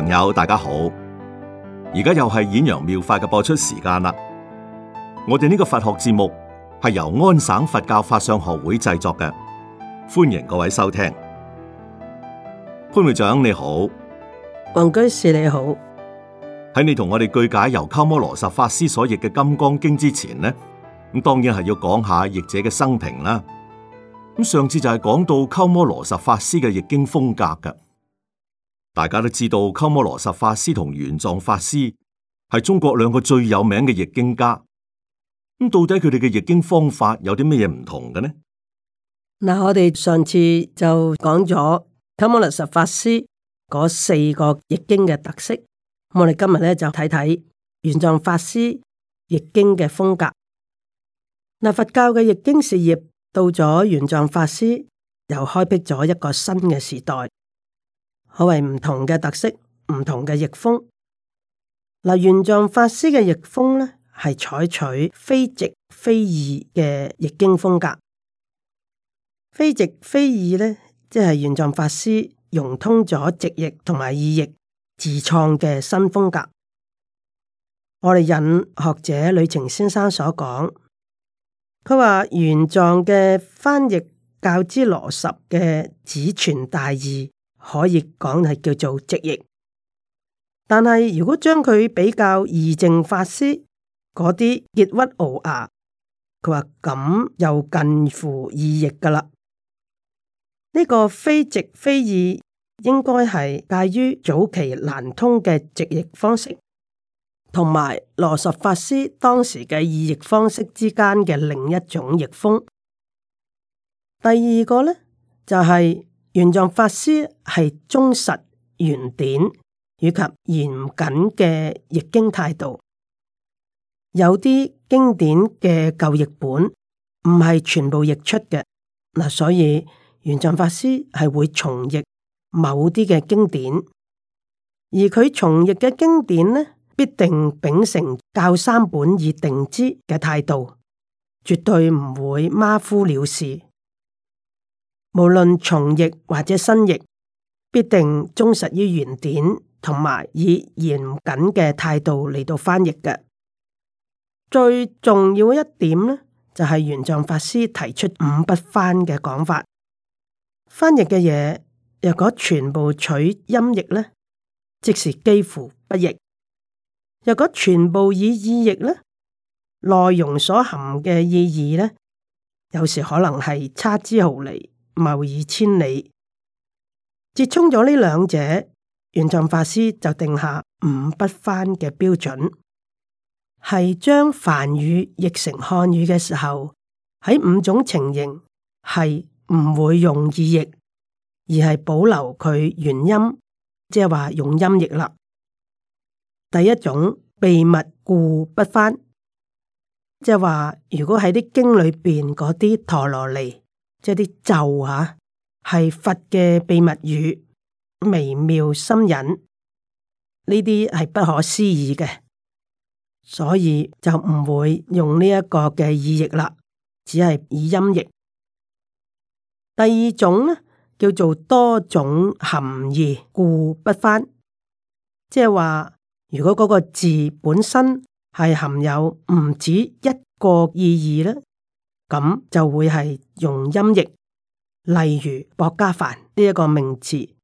朋友，大家好！而家又係《顯揚妙法》嘅播出時間啦。我哋呢個佛學節目係由安省佛教法相學會製作嘅，歡迎各位收聽。潘會長你好，黃居士你好。喺你同我哋具解由鳩摩羅什法師所譯嘅《金剛經》之前呢，咁當然係要講下譯者嘅生平啦。咁上次就係講到鳩摩羅什法師嘅譯經風格噶。大家都知道，鳩摩羅什法師同玄奘法師係中國兩個最有名嘅譯經家。咁到底佢哋嘅譯經方法有啲乜嘢唔同嘅呢？嗱，我哋上次就講咗鳩摩羅什法師嗰四個譯經嘅特色。咁我哋今日咧就睇睇玄奘法師譯經嘅風格。嗱，佛教嘅譯經事業到咗玄奘法師，又開闢咗一個新嘅時代。可謂唔同嘅特色，唔同嘅譯風。嗱，玄奘法師嘅譯風咧係採取非直非意嘅譯經風格，非直非意呢，即係玄奘法師融通咗直譯同埋意譯自創嘅新風格。我哋引學者呂澂先生所講，佢話玄奘嘅翻譯較之羅什嘅只傳大意。可以講係叫做直譯，但係如果將佢比較異正法師嗰啲詰屈聱牙，佢話咁又近乎異譯㗎喇。呢、這個非直非異，應該係介於早期難通嘅直譯方式，同埋羅什法師當時嘅異譯方式之間嘅另一種譯風。第二個咧就係、是。玄奘法師係忠實原典以及嚴謹嘅譯經態度，有啲經典嘅舊譯本唔係全部譯出嘅嗱，所以玄奘法師係會重譯某啲嘅經典，而佢重譯嘅經典呢，必定秉承教三本而定之嘅態度，絕對唔會馬虎了事。無論重譯或者新譯，必定忠實於原典，同埋以嚴謹嘅態度嚟到翻譯嘅。最重要一點咧，就係玄奘法師提出五不翻嘅講法。翻譯嘅嘢，若果全部取音譯咧，即是幾乎不譯；若果全部以意譯咧，內容所含嘅意義咧，有時可能係差之毫厘。謬以千里，折衷咗呢兩者，玄奘法師就定下五不翻嘅標準，係將梵語譯成漢語嘅時候，喺五種情形係唔會用意譯，而係保留佢原音，即係話用音譯啦。第一種秘密故不翻，即係話如果喺啲經裏邊嗰啲陀羅尼。即係啲咒啊，係佛嘅秘密語，微妙深隱，呢啲係不可思議嘅，所以就唔會用呢一個嘅意譯啦，只係以音譯。第二種咧叫做多種含義，故不翻，即係話如果嗰個字本身係含有唔止一個意義咧。咁就會係用音譯，例如薄伽梵呢一個名詞，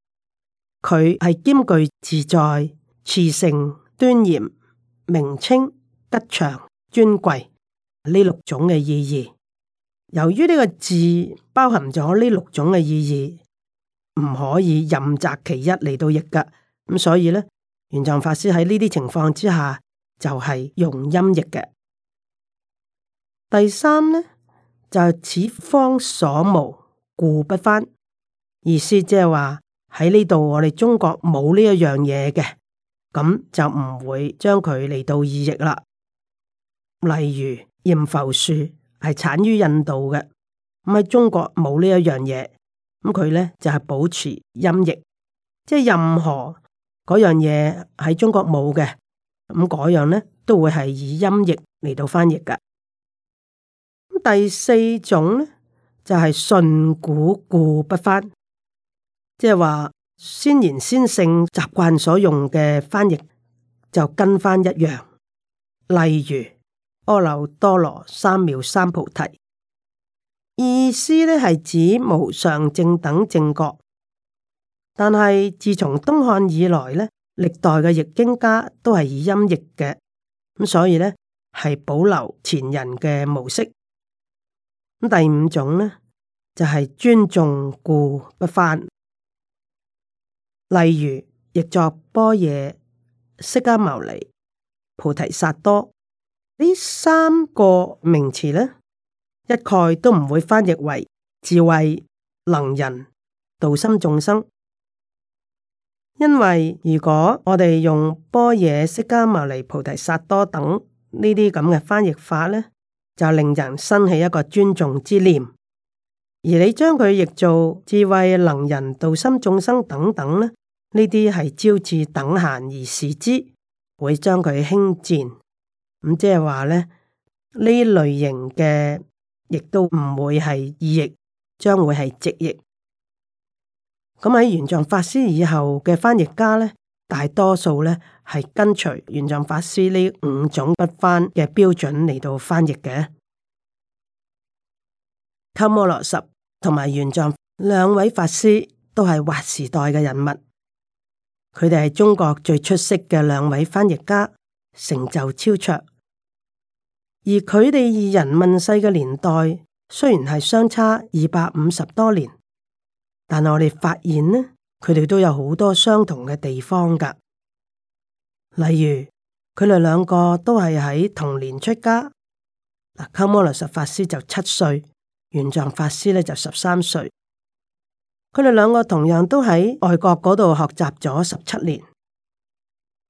佢係兼具自在、熾盛、端嚴、名稱、吉祥、尊貴呢六種嘅意義。由於呢個字包含咗呢六種嘅意義，唔可以任擇其一嚟到譯嘅，咁所以咧，玄奘法師喺呢啲情況之下就係用音譯嘅。第三咧。就此方所無，故不翻。意思即係話喺呢度，我哋中國冇呢一樣嘢嘅，咁就唔會將佢嚟到意譯啦。例如，閻浮樹係產於印度嘅，咁喺中國冇呢一樣嘢，咁佢咧就係、是、保持音譯。即係任何嗰樣嘢喺中國冇嘅，咁嗰樣咧都會係以音譯嚟到翻譯噶。第四種呢，就係、是、順古故不翻，即係話先賢先聖習慣所用嘅翻譯就跟翻一樣。例如阿耨多羅三藐三菩提，意思呢係指無上正等正覺。但係自從東漢以來呢，歷代嘅譯經家都係以音譯嘅，咁所以呢，係保留前人嘅模式。第五種咧，就係、是、尊重故不翻。例如，譯作般若、釋迦牟尼、菩提薩多呢三個名詞咧，一概都唔會翻譯為智慧能人道心眾生。因為如果我哋用般若、釋迦牟尼、菩提薩多等呢啲咁嘅翻譯法咧，就令人生起一個尊重之念，而你將佢譯做智慧能人道心眾生等等，呢啲係招致等閒而視之，會將佢輕賤。咁即係話咧，呢類型嘅亦都唔會係意譯，將會係直譯。咁喺玄奘法師以後嘅翻譯家咧。大多數呢係跟隨玄奘法師呢五種不翻嘅標準嚟到翻譯嘅。鳩摩羅什同埋玄奘兩位法師都係劃時代嘅人物，佢哋係中國最出色嘅兩位翻譯家，成就超卓。而佢哋二人問世嘅年代雖然係相差二百五十多年，但我哋發現呢？佢哋都有好多相同嘅地方噶，例如佢哋兩個都係喺同年出家，嗱，鳩摩羅什法師就七歲，玄奘法師咧就十三歲。佢哋兩個同樣都喺外國嗰度學習咗十七年，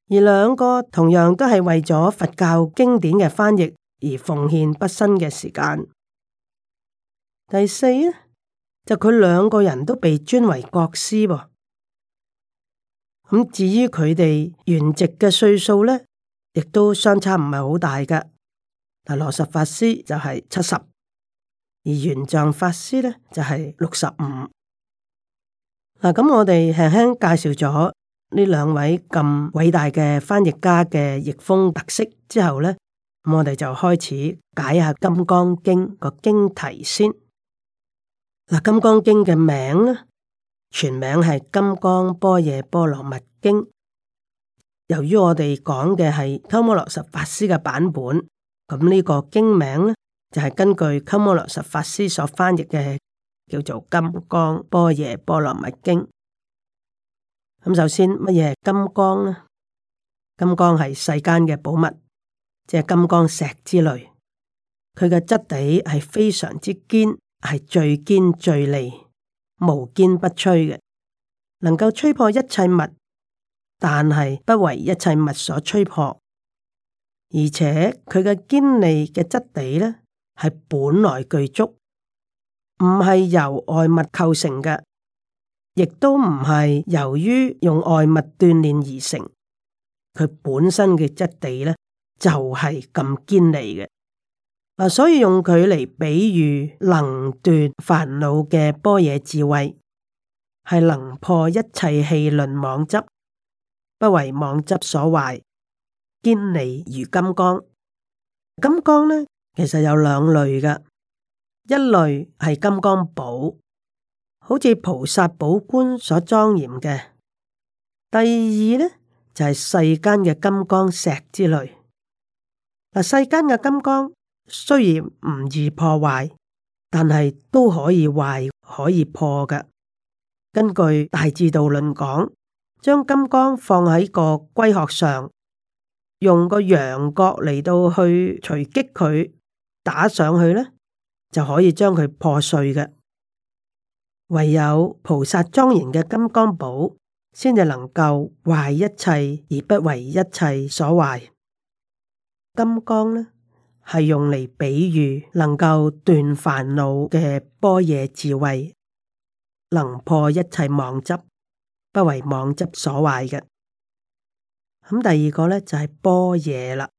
而兩個同樣都係為咗佛教經典嘅翻譯而奉獻畢生嘅時間。第四咧，就佢兩個人都被尊為國師噃、哦。咁至於佢哋原籍嘅歲數咧，亦都相差唔係好大㗎。嗱，羅什法師就係七十，而玄奘法師咧就係六十五。嗱、啊，咁我哋輕輕介紹咗呢兩位咁偉大嘅翻譯家嘅譯風特色之後咧，咁我哋就開始解，解下《金剛經》個經題先。嗱、啊，《金剛經》嘅名咧。全名係《金剛般若波羅蜜經》，由於我哋講嘅係鳩摩羅什法師嘅版本，咁、這、呢個經名咧就係、是、根據鳩摩羅什法師所翻譯嘅，叫做《金剛般若波羅蜜經》。咁首先，乜嘢係金剛呢？金剛係世間嘅寶物，即係金剛石之類，佢嘅質地係非常之堅，係最堅最利。無堅不摧嘅，能夠摧破一切物，但係不為一切物所摧破，而且佢嘅堅利嘅質地呢，係本來具足，唔係由外物構成嘅，亦都唔係由於用外物鍛煉而成，佢本身嘅質地呢，就係咁堅利嘅。嗱，所以用佢嚟比喻能斷煩惱嘅般若智慧，係能破一切戲論妄執，不為妄執所壞，堅利如金剛。金剛呢，其實有兩類嘅，一類係金剛寶，好似菩薩寶冠所莊嚴嘅；第二呢，就係、是、世間嘅金剛石之類。嗱，世間嘅金剛。雖然唔易破壞，但係都可以壞，可以破嘅。根據大智度論講，將金剛放喺個龜殼上，用個羊角嚟到去錘擊佢，打上去呢，就可以將佢破碎嘅。唯有菩薩莊嚴嘅金剛寶，先至能夠壞一切而不為一切所壞。金剛呢，係用嚟比喻能夠斷煩惱嘅般若智慧，能破一切妄執，不為妄執所壞嘅。咁、嗯、第二個咧就係般若啦。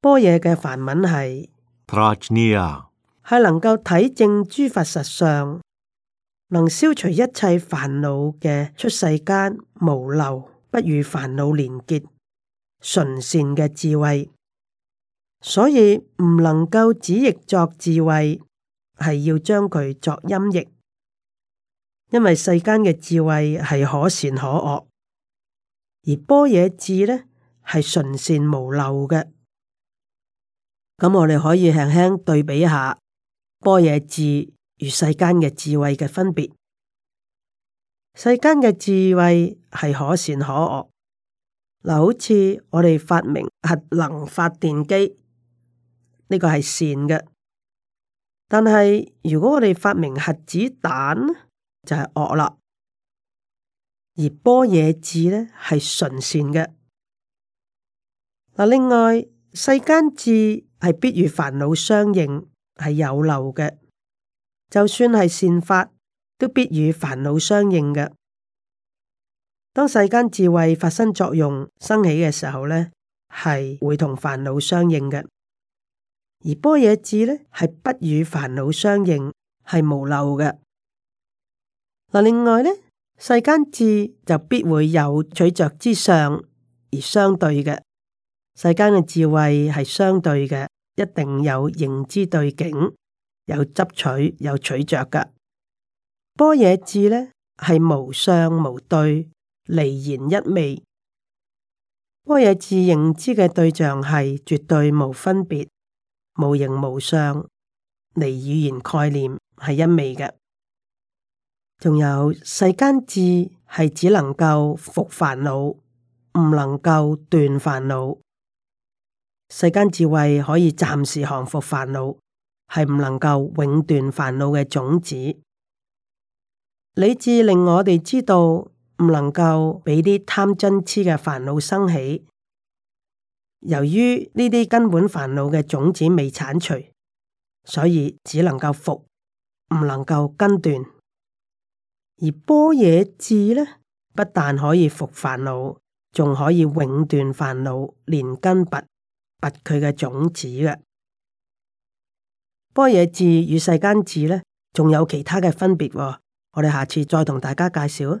般若嘅梵文係，係 j 能夠體證諸佛實相，能消除一切煩惱嘅出世間無漏，不與煩惱連結，純善嘅智慧。所以唔能夠只譯作智慧，係要將佢作音譯，因為世間嘅智慧係可善可惡，而般若智呢係純善無漏嘅。咁我哋可以輕輕對比下般若智與世間嘅智慧嘅分別。世間嘅智慧係可善可惡，嗱，好似我哋發明核能發電機。呢個係善嘅，但係如果我哋發明核子彈，就係、是、惡啦。而般若智咧係純善嘅。嗱，另外世間智係必與煩惱相應，係有漏嘅。就算係善法，都必與煩惱相應嘅。當世間智慧發生作用、生起嘅時候咧，係會同煩惱相應嘅。而般若智呢，係不與煩惱相應，係無漏嘅。嗱，另外呢，世間智就必會有取着之相，而相對嘅。世間嘅智慧係相對嘅，一定有認知對境，有執取，有取着嘅。般若智呢，係無相無對，離言一味。般若智認知嘅對象係絕對無分別。無形無相，離語言概念係一味嘅。仲有世間智係只能夠伏煩惱，唔能夠斷煩惱。世間智慧可以暫時降伏煩惱，係唔能夠永斷煩惱嘅種子。理智令我哋知道唔能夠俾啲貪嗔痴嘅煩惱生起。由於呢啲根本煩惱嘅種子未鏟除，所以只能夠伏，唔能夠根斷。而般若智呢，不但可以伏煩惱，仲可以永斷煩惱連根拔拔佢嘅種子嘅。般若智與世間智呢，仲有其他嘅分別，哦，我哋下次再同大家介紹啊。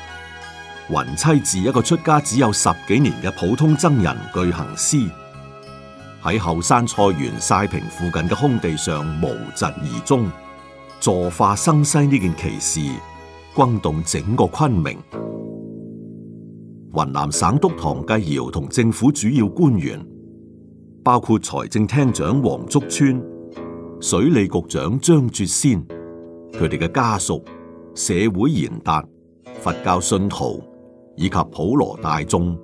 雲棲寺一個出家只有十幾年嘅普通僧人具行師喺後山菜園曬坪附近嘅空地上無疾而終，坐化生西。呢件奇事轟動整個昆明。雲南省督唐繼堯同政府主要官員，包括財政廳長黃竹村、水利局長張絕仙，佢哋嘅家屬、社會賢達、佛教信徒。以及普羅大眾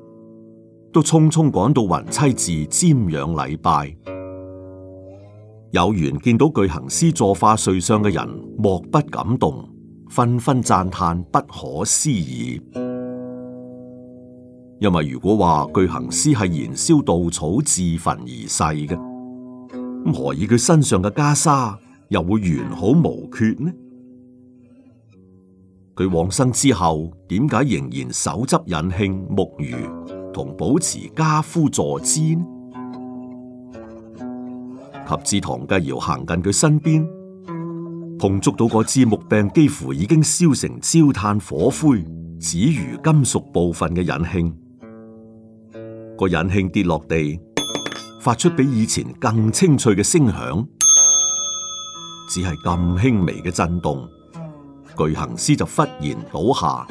都匆匆趕到雲棲寺瞻仰禮拜，有緣見到具行師坐化瑞相嘅人，莫不感動，紛紛讚嘆不可思議。因為如果話具行師係燃燒稻草自焚而逝嘅，何以佢身上嘅袈裟又會完好無缺呢？佢往生之後，點解仍然手執引磬木魚同保持跏趺坐姿呢？及至唐繼堯行近佢身邊，碰觸到嗰支木柄，幾乎已經燒成焦炭火灰，只餘金屬部分嘅引磬。那個引磬跌落地，發出比以前更清脆嘅聲響，只係咁輕微嘅震動。具行師就忽然倒下，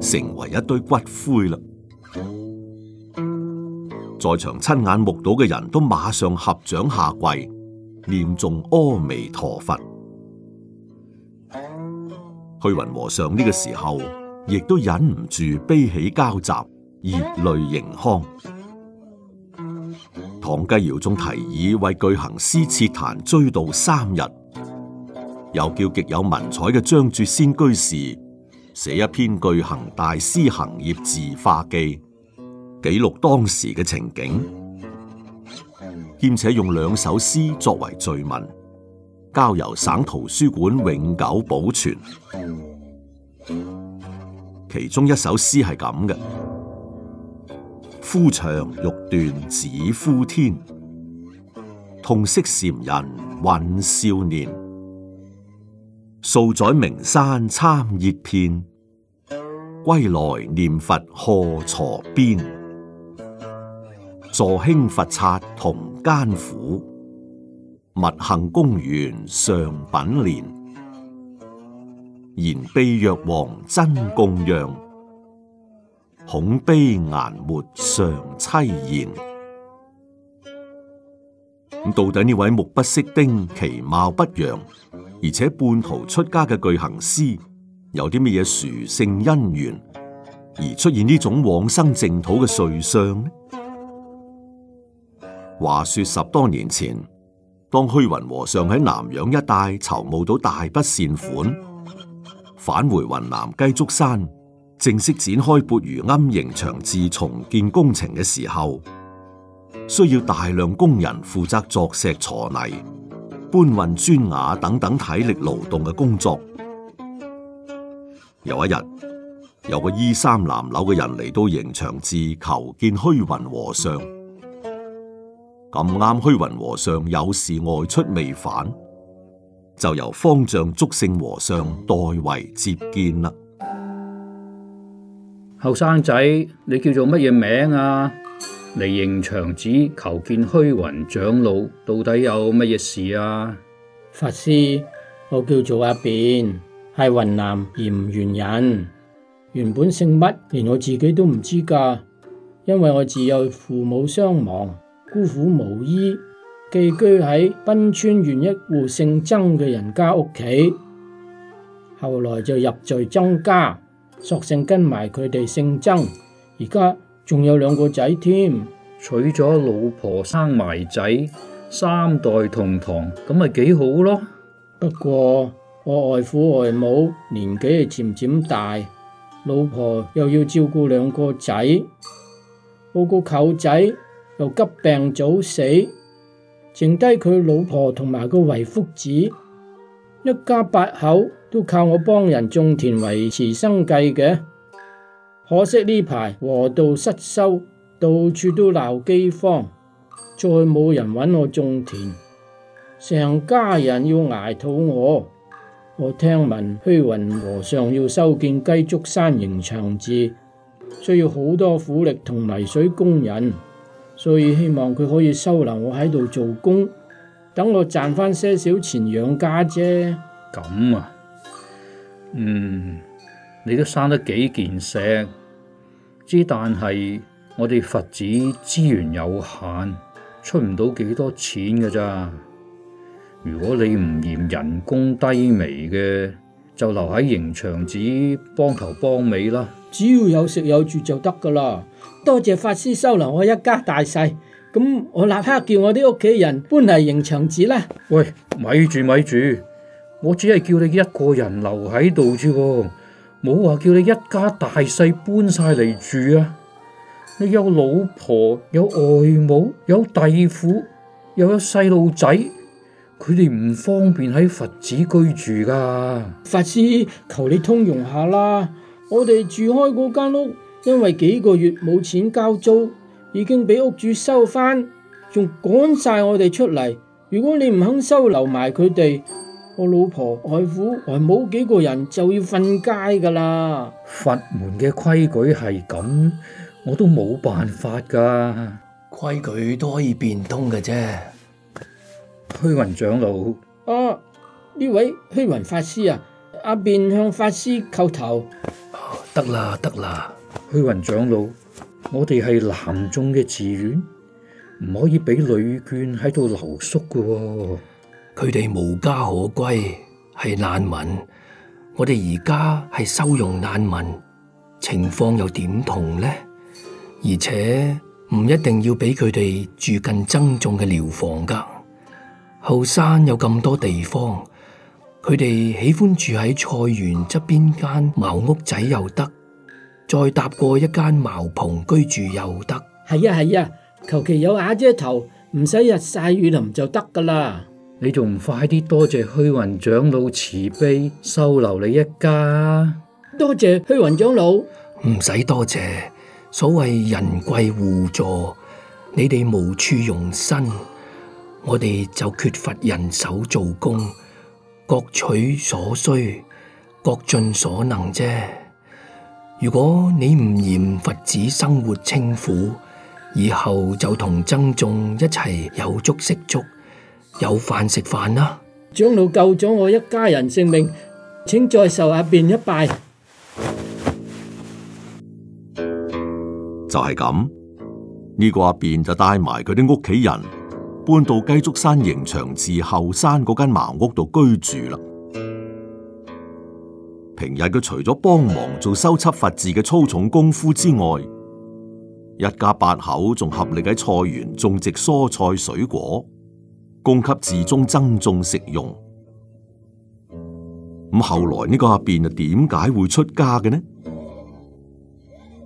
成為一堆骨灰啦。在場親眼目睹嘅人都馬上合掌下跪，念誦阿彌陀佛。虛雲和尚呢個時候，亦都忍唔住悲喜交集，熱淚盈眶。唐繼堯仲提議為具行師設壇追悼三日。又叫極有文采嘅張絕仙居士寫一篇巨大師行大詩《行業字化記》，記錄當時嘅情景，兼且用兩首詩作為罪文，交由省圖書館永久保存。其中一首詩係咁嘅：夫長欲斷子夫天，痛惜禪人混少年。數載名山參葉片，歸來念佛荷鋤邊。助興佛剎同艱苦，勿幸公園上品蓮。言卑藥王真供養，恐卑顏末上淒然。咁到底呢位目不識丁，其貌不揚。而且半途出家嘅具行師有啲乜嘢殊勝因緣而出現呢種往生淨土嘅瑞相呢？話說十多年前，當虛雲和尚喺南洋一帶籌募到大筆善款，返回雲南雞足山，正式展開缽盂庵迎祥寺重建工程嘅時候，需要大量工人負責鑿石、鋤泥。搬運磚瓦等等體力勞動嘅工作。有一日，有個衣衫襤褸嘅人嚟到營牆寺求見虛雲和尚。咁啱虛雲和尚有事外出未返，就由方丈祝聖和尚代為接見啦。後生仔，你叫做乜嘢名啊？嚟迎祥子求見虛雲長老，到底有乜嘢事啊？法師，我叫做阿辯，係雲南鹽源人，原本姓乜，連我自己都唔知噶，因為我自幼父母雙亡，孤苦無依，寄居喺賓川縣一戶姓曾嘅人家屋企，後來就入贅曾家，索性跟埋佢哋姓曾，而家，仲有兩個仔添，娶咗老婆生埋仔，三代同堂咁咪幾好咯。不過我外父外母年紀係漸漸大，老婆又要照顧兩個仔，我個舅仔又急病早死，剩低佢老婆同埋個遺腹子，一家八口都靠我幫人種田維持生計嘅。可惜呢排河道失修，到處都鬧飢荒，再冇人揾我種田，成家人要挨肚餓。我聽聞虛雲和尚要修建雞足山迎祥寺，需要好多苦力同泥水工人，所以希望佢可以收留我喺度做工，等我賺翻些少錢養家啫。咁啊，嗯，你都生得幾健碩。之但係我哋佛寺資源有限，出唔到幾多錢噶咋。如果你唔嫌人工低微嘅，就留喺迎祥寺幫頭幫尾啦。只要有食有住就得噶啦。多謝法師收留我一家大細，咁我立刻叫我啲屋企人搬嚟迎祥寺啦。喂，咪住咪住，我只係叫你一個人留喺度啫。冇話叫你一家大細搬晒嚟住啊！你有老婆，有外母，有弟婦，又有細路仔，佢哋唔方便喺佛寺居住噶。法師，求你通融下啦！我哋住開嗰間屋，因為幾個月冇錢交租，已經俾屋主收翻，仲趕晒我哋出嚟。如果你唔肯收留埋佢哋，我老婆、外父、外母幾個人就要瞓街噶啦！佛門嘅規矩係咁，我都冇辦法噶。規矩都可以變通嘅啫。虛雲長老，啊呢位虛雲法師啊，阿便向法師叩頭。得啦，得啦，虛雲長老，我哋係男眾嘅寺院，唔可以俾女眷喺度留宿噶。佢哋無家可歸，係難民。我哋而家係收容難民，情況又點同呢？而且唔一定要俾佢哋住近僧眾嘅寮房噶。後山有咁多地方，佢哋喜歡住喺菜園側邊間茅屋仔又得，再搭過一間茅棚居住又得。係啊，係啊，求其、啊、有瓦遮頭，唔使日曬雨淋就得噶啦。你仲唔快啲多謝虛雲長老慈悲收留你一家？多謝虛雲長老，唔使多謝。所謂人貴互助，你哋無處容身，我哋就缺乏人手做工，各取所需，各盡所能啫。如果你唔嫌佛子生活清苦，以後就同僧眾一齊有足食足。有飯食飯啦！長老救咗我一家人性命，請再受阿辯一拜。就係咁，呢、這個阿辯就帶埋佢啲屋企人，搬到雞足山迎祥寺後山嗰間茅屋度居住啦。平日佢除咗幫忙做修葺佛寺嘅粗重功夫之外，一家八口仲合力喺菜園種植蔬菜水果。供給寺中僧眾食用。咁後來呢個阿辯啊，點解會出家嘅呢？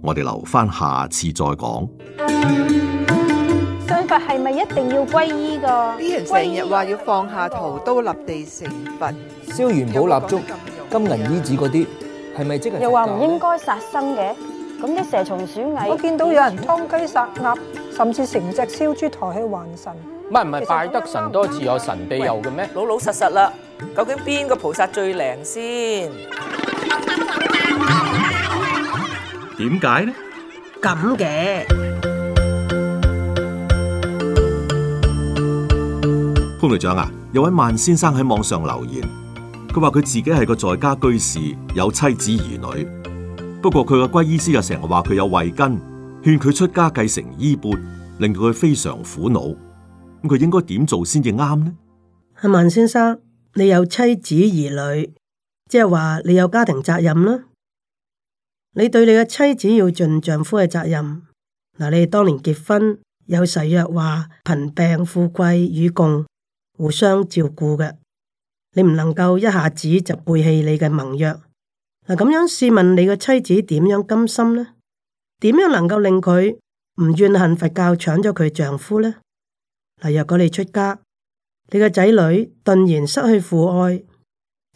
我哋留翻下，下次再講。信佛係咪一定要皈依噶？啲人成日話要放下屠刀立地成佛，燒元寶蠟燭、金銀衣紙嗰啲，係咪、嗯、即係？又話唔應該殺生嘅，咁啲蛇蟲鼠蟻，我見到有人湯雞殺鴨，甚至成隻燒豬抬去還神。唔唔係拜得神多自有神庇佑嘅咩？老老實實啦，究竟邊個菩薩最靈先？點解呢？咁嘅潘隊長啊，有位萬先生喺網上留言，佢話佢自己係個在家居士，有妻子兒女，不過佢個龜醫師又成日話佢有慧根，勸佢出家繼承衣缽，令佢非常苦惱。佢應該點做先至啱呢？阿文先生，你有妻子兒女，即係話你有家庭責任啦。你對你嘅妻子要盡丈夫嘅責任。嗱，你當年結婚有誓約，話貧病富貴與共，互相照顧嘅。你唔能夠一下子就背棄你嘅盟約。嗱，咁樣試問你嘅妻子點樣甘心呢？點樣能夠令佢唔怨恨佛教搶咗佢丈夫呢？嗱，如果你出家，你嘅仔女頓然失去父愛，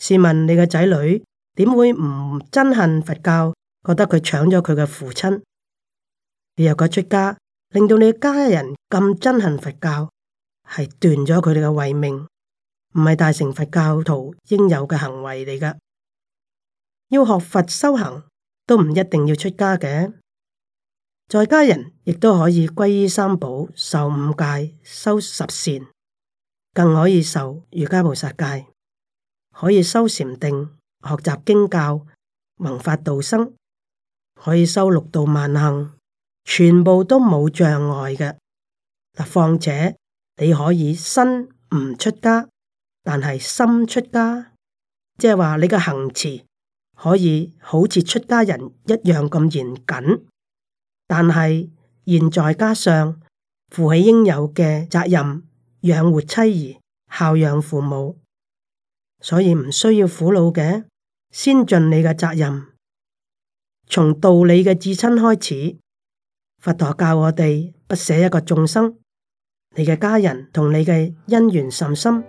試問你嘅仔女點會唔憎恨佛教？覺得佢搶咗佢嘅父親？你若果出家，令到你家人咁憎恨佛教，係斷咗佢哋嘅慧命，唔係大乘佛教徒應有嘅行為嚟噶。要學佛修行，都唔一定要出家嘅。在家人亦都可以歸依三寶，受五戒，修十善，更可以受瑜伽菩薩戒，可以修禪定，學習經教，文法道生，可以修六道萬行，全部都冇障礙嘅，嗱。況且你可以身唔出家，但係心出家，即係話你嘅行持可以好似出家人一樣咁嚴謹。但係現在加上負起應有嘅責任，養活妻兒，孝養父母，所以唔需要苦惱嘅。先盡你嘅責任，從道理嘅至親開始。佛陀教我哋不捨一個眾生，你嘅家人同你嘅恩緣甚深，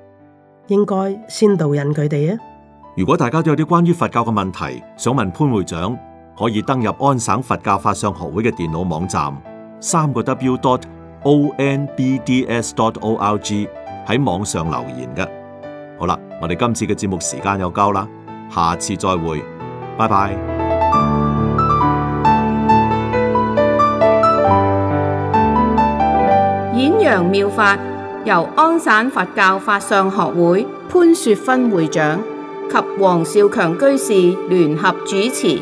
應該先導引佢哋啊。如果大家都有啲關於佛教嘅問題，想問潘會長。可以登入安省佛教法相學會嘅電腦網站，三個 w d o t o n b d s d o t o r g 喺網上留言嘅。好啦，我哋今次嘅節目時間又夠啦，下次再會，拜拜。演揚妙法由安省佛教法相學會潘雪芬會長及黃少強居士聯合主持。